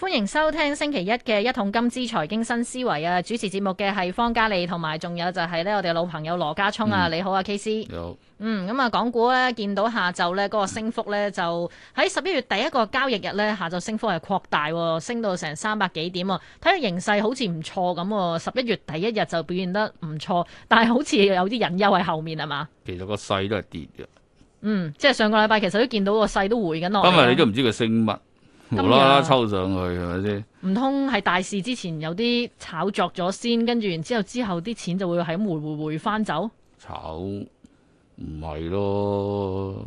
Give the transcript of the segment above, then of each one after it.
歡迎收聽星期一嘅一桶金之財經新思維啊！主持節目嘅係方嘉莉，同埋仲有就係呢我哋老朋友羅家聰啊！嗯、你好啊，K C。你好。嗯，咁啊，港股咧見到下晝咧嗰個升幅咧就喺十一月第一個交易日咧下晝升幅係擴大，升到成三百幾點啊！睇下形勢好似唔錯咁啊！十一月第一日就表現得唔錯，但係好似有啲隱憂喺後面係嘛？其實個勢都係跌嘅。嗯，即係上個禮拜其實都見到個勢都回緊落嚟。今日你都唔知佢升乜。無啦啦抽上去係咪先？唔通係大事之前有啲炒作咗先，跟住然之後之後啲錢就會喺咁回回回翻走？炒唔係咯？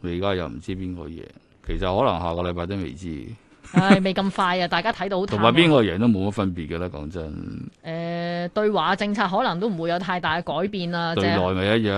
你而家又唔知邊個贏？其實可能下個禮拜都未知。唉、哎，未咁快啊！ 大家睇到同埋邊個贏都冇乜分別嘅啦，講真。誒、呃，對話政策可能都唔會有太大嘅改變啦。對內咪一樣，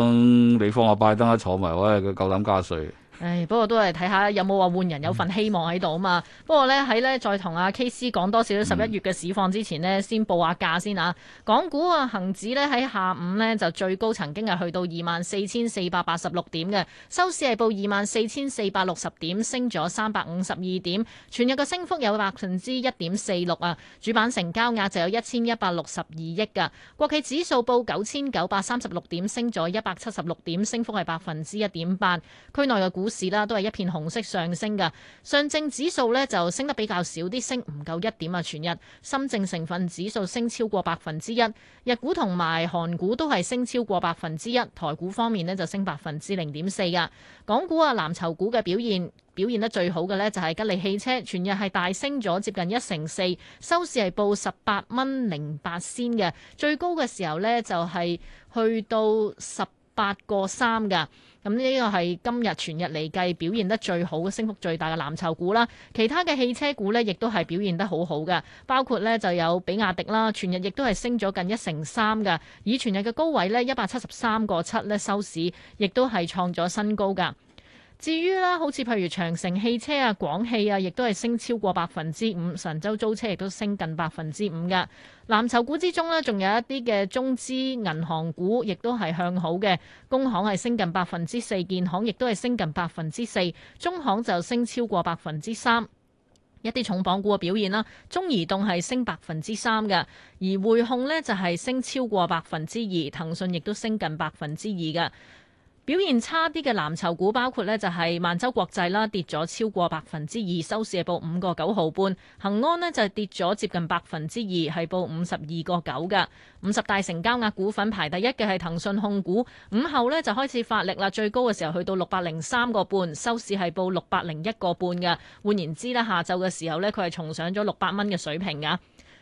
嗯、你放阿、啊、拜登一坐埋喂，佢夠膽加稅。唉，不過都係睇下有冇話換人有份希望喺度啊嘛。不過呢，喺呢再同阿 K C 講多少少十一月嘅市況之前呢，先報下價先嚇。港股啊，恒指呢喺下午呢就最高曾經係去到二萬四千四百八十六點嘅，收市係報二萬四千四百六十點，升咗三百五十二點，全日嘅升幅有百分之一點四六啊。主板成交額就有一千一百六十二億㗎。國企指數報九千九百三十六點，升咗一百七十六點，升幅係百分之一點八。區內嘅股市啦，都係一片紅色上升嘅。上證指數呢就升得比較少啲，升唔夠一點啊。全日深證成分指數升超過百分之一，日股同埋韓股都係升超過百分之一。台股方面呢就升百分之零點四嘅。港股啊，藍籌股嘅表現表現得最好嘅呢就係吉利汽車，全日係大升咗接近一成四，收市係報十八蚊零八仙嘅，最高嘅時候呢就係、是、去到十八個三㗎，咁呢個係今日全日嚟計表現得最好、升幅最大嘅藍籌股啦。其他嘅汽車股呢，亦都係表現得好好㗎，包括呢就有比亞迪啦，全日亦都係升咗近一成三㗎，以全日嘅高位呢，一百七十三個七呢收市，亦都係創咗新高噶。至於啦，好似譬如長城汽車啊、廣汽啊，亦都係升超過百分之五；神州租車亦都升近百分之五㗎。藍籌股之中呢，仲有一啲嘅中資銀行股，亦都係向好嘅。工行係升近百分之四，建行亦都係升近百分之四，中行就升超過百分之三。一啲重磅股嘅表現啦，中移動係升百分之三㗎，而匯控呢，就係升超過百分之二，騰訊亦都升近百分之二㗎。表現差啲嘅藍籌股包括呢就係萬洲國際啦，跌咗超過百分之二，收市係報五個九毫半。恒安呢就係跌咗接近百分之二，係報五十二個九嘅。五十大成交額股份排第一嘅係騰訊控股，午後呢就開始發力啦，最高嘅時候去到六百零三個半，收市係報六百零一個半嘅。換言之咧，下晝嘅時候呢，佢係重上咗六百蚊嘅水平啊。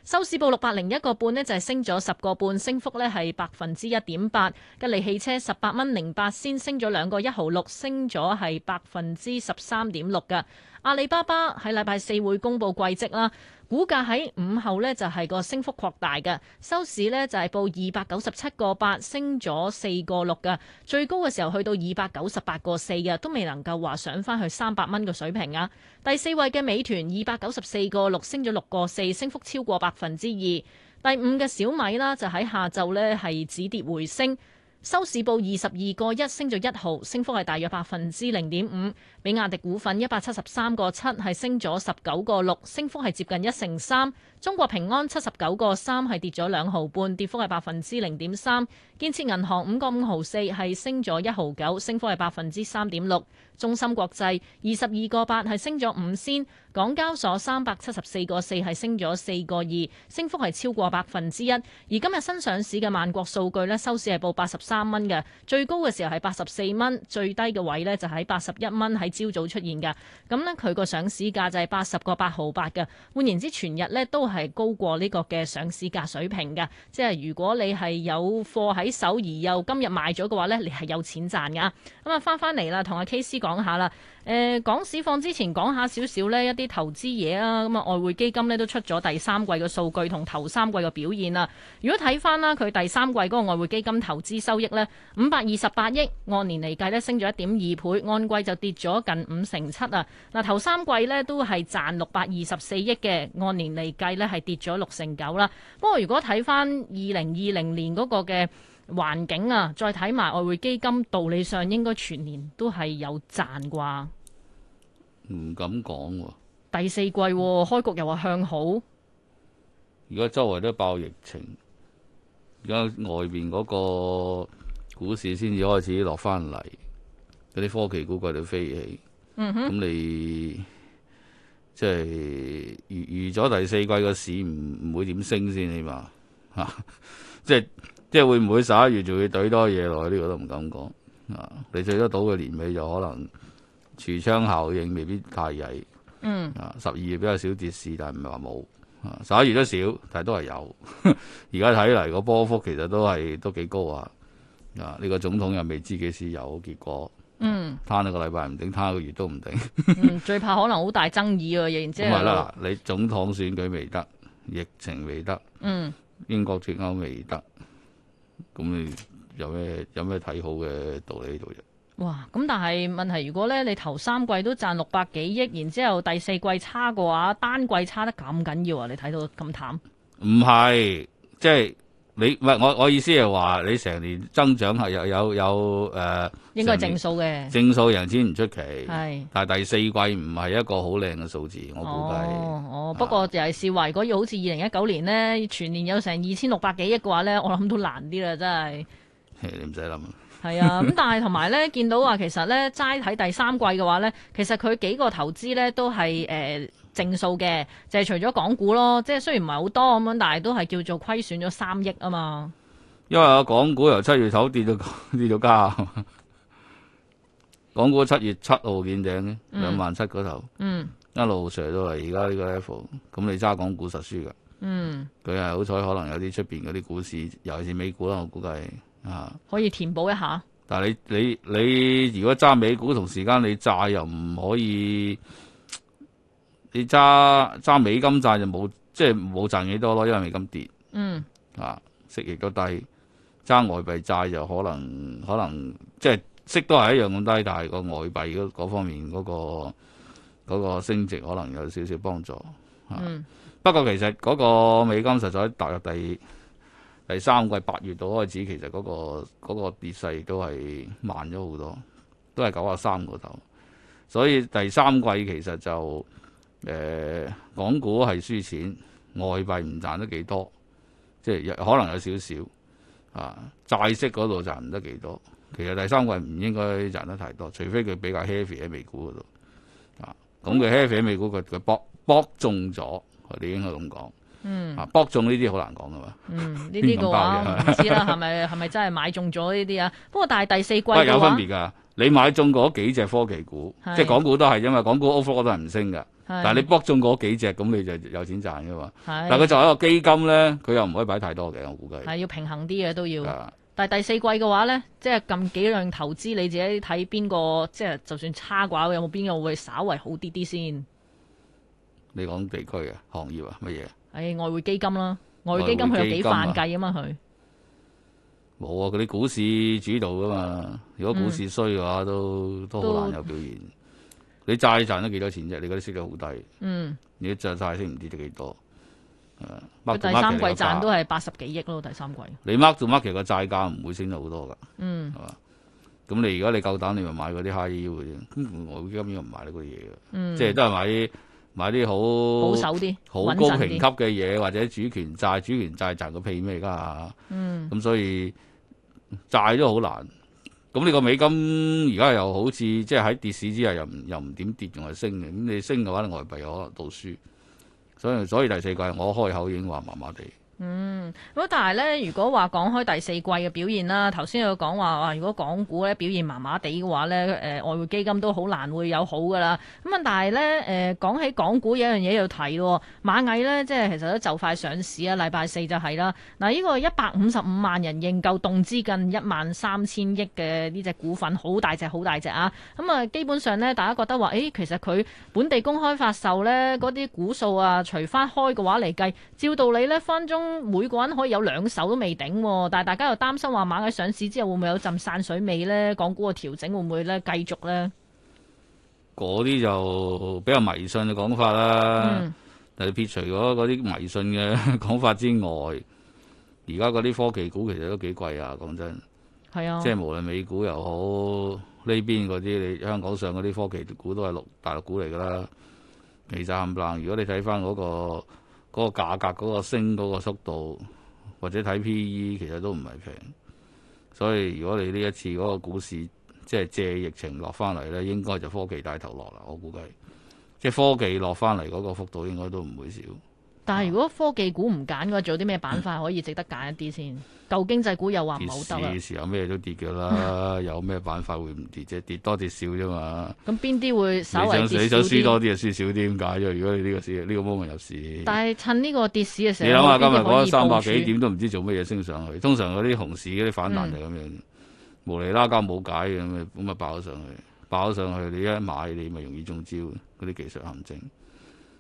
收市報六百零一個半呢就係升咗十個半，升幅呢係百分之一點八。吉利汽車十八蚊零八仙升咗兩個一毫六，升咗係百分之十三點六㗎。阿里巴巴喺禮拜四會公布季績啦，股價喺午後呢，就係個升幅擴大嘅，收市呢，就係報二百九十七個八，升咗四個六嘅，最高嘅時候去到二百九十八個四嘅，都未能夠話上翻去三百蚊嘅水平啊。第四位嘅美團二百九十四個六，升咗六個四，升幅超過百分之二。第五嘅小米啦，就喺下晝呢，係止跌回升，收市報二十二個一，升咗一毫，升幅係大約百分之零點五。比亞迪股份一百七十三個七係升咗十九個六，升幅係接近一成三。中國平安七十九個三係跌咗兩毫半，跌幅係百分之零點三。建設銀行五個五毫四係升咗一毫九，升幅係百分之三點六。中芯國際二十二個八係升咗五仙。港交所三百七十四個四係升咗四個二，升幅係超過百分之一。而今日新上市嘅萬國數據咧，收市係報八十三蚊嘅，最高嘅時候係八十四蚊，最低嘅位呢就喺八十一蚊喺。朝早出現嘅，咁呢，佢個上市價就係八十個八毫八嘅，換言之，全日呢都係高過呢個嘅上市價水平嘅，即係如果你係有貨喺手而又今日賣咗嘅話呢，你係有錢賺嘅啊！咁啊，翻返嚟啦，同阿 KC 講下啦。誒講市況之前講下少少呢一啲投資嘢啊，咁啊外匯基金呢都出咗第三季嘅數據同頭三季嘅表現啦、啊。如果睇翻啦，佢第三季嗰個外匯基金投資收益呢，五百二十八億，按年嚟計呢升咗一點二倍，按季就跌咗近五成七啊。嗱頭三季呢都係賺六百二十四億嘅，按年嚟計呢係跌咗六成九啦。不過如果睇翻二零二零年嗰個嘅環境啊，再睇埋外匯基金，道理上應該全年都係有賺啩。唔敢講、啊，第四季、啊、開局又話向好。而家周圍都爆疫情，而家外邊嗰個股市先至開始落翻嚟，嗰啲科技股貴到飛起。咁、嗯、哼你即係預預咗第四季個市唔唔會點升先，起碼吓， 即係。即係會唔會十一月仲要懟多嘢落去？呢個都唔敢講啊。你懟得到嘅年尾就可能櫥窗效應，未必太曳。嗯啊，十二月比較少跌市，但係唔係話冇。啊，十一月都少，但係都係有。而家睇嚟個波幅其實都係都幾高啊。啊，呢個總統又未知幾時有結果。嗯，攤一個禮拜唔定，攤一個月都唔定。嗯、 最怕可能好大爭議啊，然之係。係啦、嗯，你總統選舉未得，疫情未得，得，嗯，英國脫歐未得。嗯嗯。嗯嗯嗯嗯咁你有咩有咩睇好嘅道理喺度啫？哇！咁但係問題，如果咧你頭三季都賺六百幾億，然後之後第四季差嘅話，單季差得咁緊要啊？你睇到咁淡？唔係，即係。你唔係我，我意思係話你成年增長係又有有誒，有呃、應該正數嘅，正數贏錢唔出奇。係是，但係第四季唔係一個好靚嘅數字，我估計。哦，哦，不過就係係話如果要好似二零一九年咧，全年有成二千六百幾億嘅話咧，我諗都難啲啦，真係。你唔使諗。係 啊，咁但係同埋咧，見到話其實咧，齋睇第三季嘅話咧，其實佢幾個投資咧都係誒。呃正數嘅就係、是，除咗港股咯，即係雖然唔係好多咁樣，但係都係叫做虧損咗三億啊嘛。因為啊，港股由七月頭跌到跌到加， 港股七月七號見頂嘅兩萬七嗰頭，嗯、一路衰到嚟而家呢個 level，咁你揸港股實輸噶嗯，佢係好彩，可能有啲出邊嗰啲股市，尤其是美股啦，我估計啊，可以填補一下。但係你你你，你如果揸美股同時間，你債又唔可以。你揸揸美金債就冇，即係冇賺幾多咯，因為美金跌，嗯啊息亦都低。揸外幣債就可能可能即係息都係一樣咁低，但係個外幣嗰方面嗰個嗰個升值可能有少少幫助。啊、嗯，不過其實嗰個美金實在踏入第第三季八月度開始，其實嗰個嗰個跌勢都係慢咗好多，都係九啊三嗰頭，所以第三季其實就。誒，uh, 港股係輸錢，外幣唔賺得幾多，即係可能有少少啊。債息嗰度賺唔得幾多。其實第三季唔應該賺得太多，除非佢比較 heavy 喺美股嗰度啊。咁佢 heavy 喺美股，佢佢博博中咗，你應該咁講。嗯，啊，博中呢啲好難講噶嘛。 嗯，呢啲嘅唔知啦，係咪係咪真係買中咗呢啲啊？不過但係第四季，但有分別噶，你買中嗰幾隻科技股，是即係港股都係，因為港股 overall 都係唔升噶。是但係你博中嗰幾隻，咁你就有錢賺噶嘛？是但係佢就作為一個基金咧，佢又唔可以擺太多嘅，我估計係要平衡啲嘅都要。是但係第四季嘅話咧，即係咁幾樣投資，你自己睇邊個，即係就算差寡，有冇邊個會稍微好啲啲先？你講地區啊，行業啊，乜嘢？誒、哎，外匯基金啦、啊，外匯基金佢有幾泛計啊嘛，佢冇啊，佢啲、啊、股市主導啊嘛，嗯、如果股市衰嘅話，都都好難有表現。你債賺咗幾多錢啫？你嗰啲息率好低，嗯，你啲債息唔知得幾多，誒、啊，第三，第三季賺都係八十幾億咯，第三季。你 mark to market 個債價唔會升得好多噶，嗯，係嘛？咁你而家你夠膽你咪買嗰啲 high yield 啫，我今年唔買呢個嘢即係都係買啲買啲好保守啲、好高評級嘅嘢，或者主權債、主權債賺個屁咩而家咁所以、嗯、所以債都好難。咁呢個美金而家又好似即係喺跌市之下又唔又唔點跌，仲係升嘅。咁你升嘅話，你外幣有可能倒輸。所以所以第四季我開口已經話麻麻地。嗯，咁但係咧，如果話講開第四季嘅表現啦，頭先有講話，哇，如果港股咧表現麻麻地嘅話咧，誒、呃，外匯基金都好難會有好噶啦。咁啊，但係咧，誒、呃，講起港股有一樣嘢要睇咯，哦，螞蟻咧，即係其實咧就快上市啊，禮拜四就係啦。嗱，呢個一百五十五萬人認購凍資近一萬三千億嘅呢隻股份，好大隻，好大隻啊！咁、嗯、啊，基本上咧，大家覺得話，誒、欸，其實佢本地公開發售咧，嗰啲股數啊，除翻開嘅話嚟計，照道理咧，分鐘。每個人可以有兩手都未頂、哦，但係大家又擔心話螞蟻上市之後會唔會有浸散水味呢？港股嘅調整會唔會咧繼續呢？嗰啲就比較迷信嘅講法啦。但、嗯、撇除咗嗰啲迷信嘅講法之外，而家嗰啲科技股其實都幾貴啊！講真，係啊，即係無論美股又好呢邊嗰啲，你香港上嗰啲科技股都係六大陸股嚟噶啦，其實冚唪唥。如果你睇翻嗰個。嗰個價格嗰個升嗰個速度，或者睇 P/E 其實都唔係平，所以如果你呢一次嗰個股市即係借疫情落翻嚟呢，應該就科技大頭落啦，我估計，即係科技落翻嚟嗰個幅度應該都唔會少。但係如果科技股唔揀嘅話，做啲咩板塊可以值得揀一啲先？舊、嗯、經濟股又話唔好得啦。跌市嘅時候咩都跌嘅啦，嗯、有咩板塊會唔跌啫？跌多跌少啫嘛。咁邊啲會稍為？你想死想輸多啲就輸少啲點解啫？如果你呢個呢、呢個 moment 入市，但係趁呢個跌市嘅時候，你諗下今日嗰三百幾點都唔知做乜嘢升上去。通常嗰啲熊市嗰啲反彈、嗯、就咁樣無釐啦交冇解嘅咁啊咁啊爆咗上去，爆咗上去你一買你咪容易中招嗰啲技術陷阱。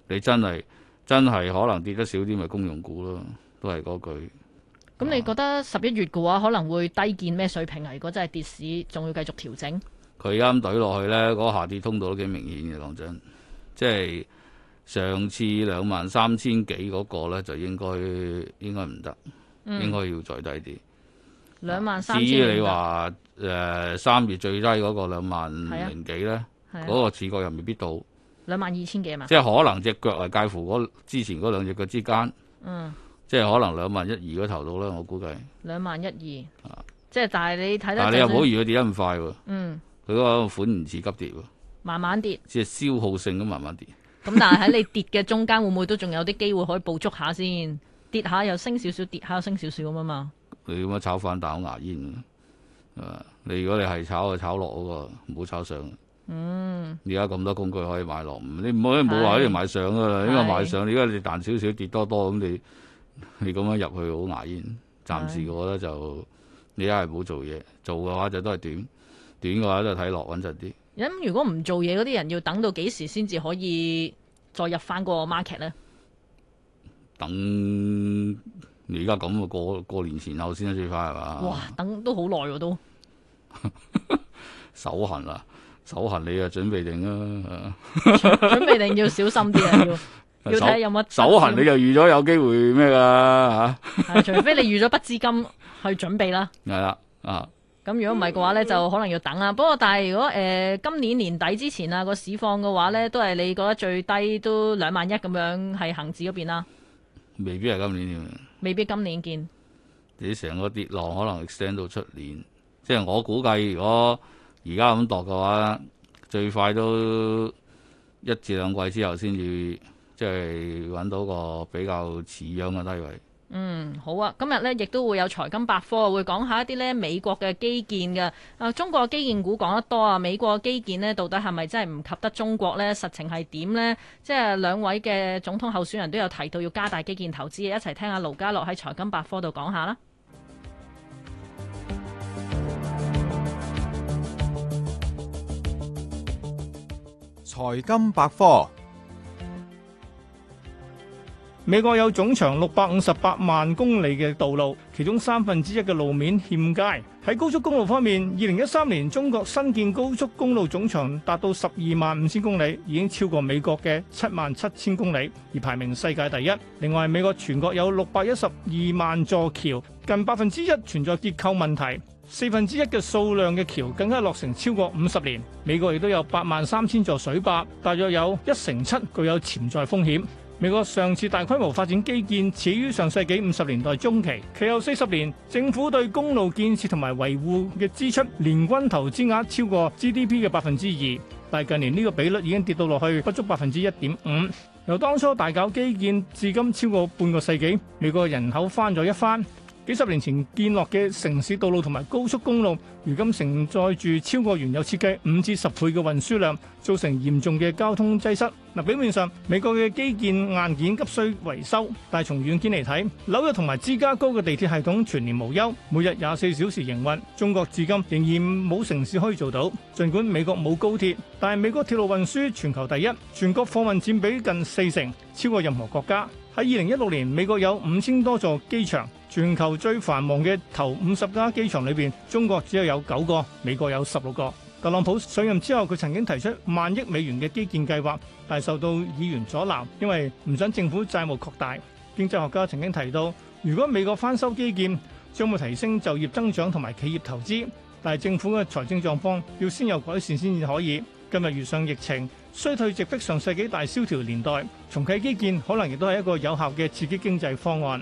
你真係～真係可能跌得少啲，咪公用股咯，都係嗰句。咁、嗯嗯、你覺得十一月嘅話，可能會低見咩水平啊？如果真係跌市，仲要繼續調整？佢啱懟落去呢嗰、個、下跌通道都幾明顯嘅，講真。即係上次兩萬三千幾嗰個呢，就應該應該唔得，應該、嗯、要再低啲。兩萬三。23，至於你話誒三月最低嗰個兩萬零幾呢，嗰、啊啊、個次過又未必到。兩萬二千幾啊，即係可能隻腳啊，介乎之前嗰兩隻腳之間，嗯，即係可能兩萬一二嗰頭度啦，我估計兩萬一二，啊是，即係但係你睇得、就係，但你又唔好預期跌得咁快喎，嗯，佢個款唔似急跌喎，慢慢跌，即係消耗性咁慢慢跌，咁但係喺你跌嘅中間， 會唔會都仲有啲機會可以捕捉下先？跌下又升少少、少，跌下又升少少咁啊嘛，你咁樣炒翻，打牙煙啊？你如果你係炒啊，炒落嗰、那個，唔好炒上、那個。 嗯，而家咁多工具可以買落，你唔可以冇話喺度買上噶啦，是因為買上而家你彈少少跌多多，咁你你咁樣入去好牙煙。暫時我覺得就你一係唔好做嘢，做嘅話就都係短，短嘅話都睇落穩陣啲。咁、嗯、如果唔做嘢嗰啲人，要等到幾時先至可以再入翻個 market 咧？等你而家咁啊，過過年前後先最快係嘛？哇，等都好耐喎，都 手痕啦。手行你啊，準備定啦，準備定要小心啲啊，要要睇下有乜。手行你又預咗有機會咩噶吓？除非你預咗筆資金去準備啦。係啦、啊，啊。咁如果唔係嘅話咧，就可能要等啦。 不過但係如果誒、呃、今年年底之前啊、個市況嘅話咧，都係你覺得最低都兩萬一咁樣係恒指嗰邊啦。未必係今年，未必今年見。你成個跌浪可能 extend 到出年，即係我估計如果。而家咁度嘅話，最快都一至兩季之後先至，即係揾到個比較似樣嘅低位。嗯，好啊，今日呢亦都會有財金百科會講下一啲呢美國嘅基建嘅。啊，中國基建股講得多啊，美國基建呢到底係咪真係唔及得中國呢？實情係點呢？即係兩位嘅總統候選人都有提到要加大基建投資，一齊聽下羅家聰喺財金百科度講下啦。財金百科，美國有總長六百五十八萬公里嘅道路，其中三分之一嘅路面欠佳。喺高速公路方面，二零一三年中國新建高速公路總長達到十二萬五千公里，已經超過美國嘅七萬七千公里，而排名世界第一。另外，美國全國有六百一十二萬座橋，近百分之一存在結構問題，四分之一嘅數量嘅橋更加落成超過五十年。美國亦都有八萬三千座水壩，大約有一成七具有潛在風險。美國上次大規模發展基建始於上世紀五十年代中期，其後四十年政府對公路建設同埋維護嘅支出，年均投資額超過 GDP 嘅百分之二，但係近年呢個比率已經跌到落去不足百分之一點五。由當初大搞基建至今超過半個世紀，美國人口翻咗一番。幾十年前建落嘅城市道路同埋高速公路，如今承載住超過原有設計五至十倍嘅運輸量，造成嚴重嘅交通擠塞。嗱，表面上美國嘅基建硬件急需維修，但係從軟件嚟睇，紐約同埋芝加哥嘅地鐵系統全年無休，每日廿四小時營運。中國至今仍然冇城市可以做到。儘管美國冇高鐵，但係美國鐵路運輸全球第一，全國貨運佔比近四成，超過任何國家。喺二零一六年，美國有五千多座機場，全球最繁忙嘅頭五十家機場裏邊，中國只有有九個，美國有十六個。特朗普上任之後，佢曾經提出萬億美元嘅基建計劃，但受到議員阻撓，因為唔想政府債務擴大。經濟學家曾經提到，如果美國翻修基建，將會提升就業增長同埋企業投資，但係政府嘅財政狀況要先有改善先至可以。今日遇上疫情。衰退直逼上世紀大蕭條年代，重啟基建可能亦都係一個有效嘅刺激經濟方案。